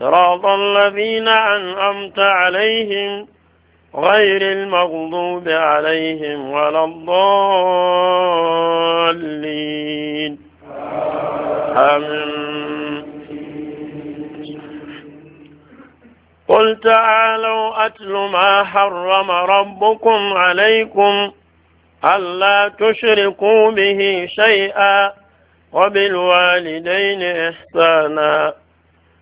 صراط الذين أنعمت عليهم غير المغضوب عليهم ولا الضالين آمين قل تعالوا أتل ما حرم ربكم عليكم ألا تشركوا به شيئا وبالوالدين إحسانا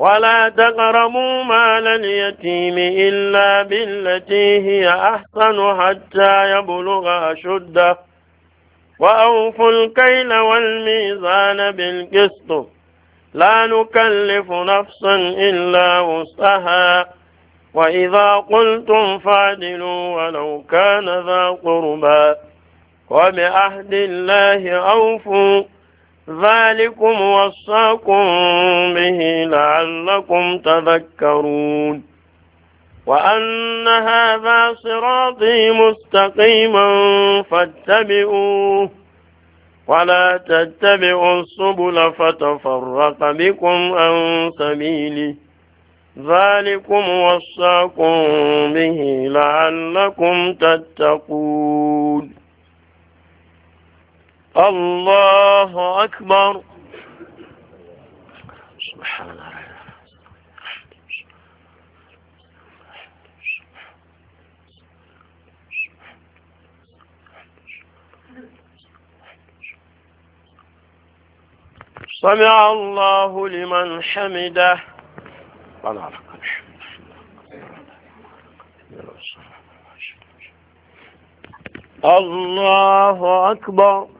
ولا تقربوا مال اليتيم إلا بالتي هي أحسن حتى يبلغ أشده وأوفوا الكيل والميزان بالقسط لا نكلف نفسا إلا وسعها وإذا قلتم فاعدلوا ولو كان ذا قربى وبعهد الله أوفوا ذلكم وصاكم به لعلكم تذكرون وأن هذا صراطي مستقيما فاتبعوه ولا تتبعوا السبل فتفرق بكم عن سبيله ذلكم وصاكم به لعلكم تتقون الله أكبر سبحان سمع الله لمن حمده الله أكبر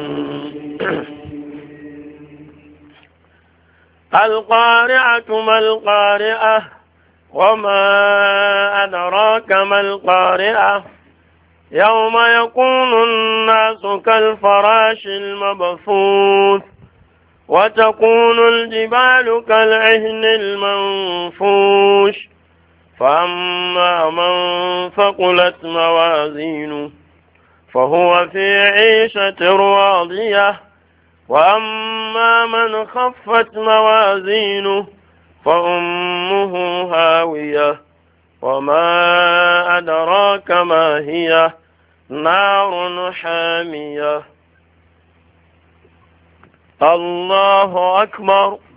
القارعة ما القارعة وما أدراك ما القارعة يوم يكون الناس كالفراش المبثوث وتكون الجبال كالعهن المنفوش فأما من فقلت موازينه فهو في عيشة راضية وأما من خفت موازينه فأمه هاوية وما أدراك ما هي نار حامية الله أكبر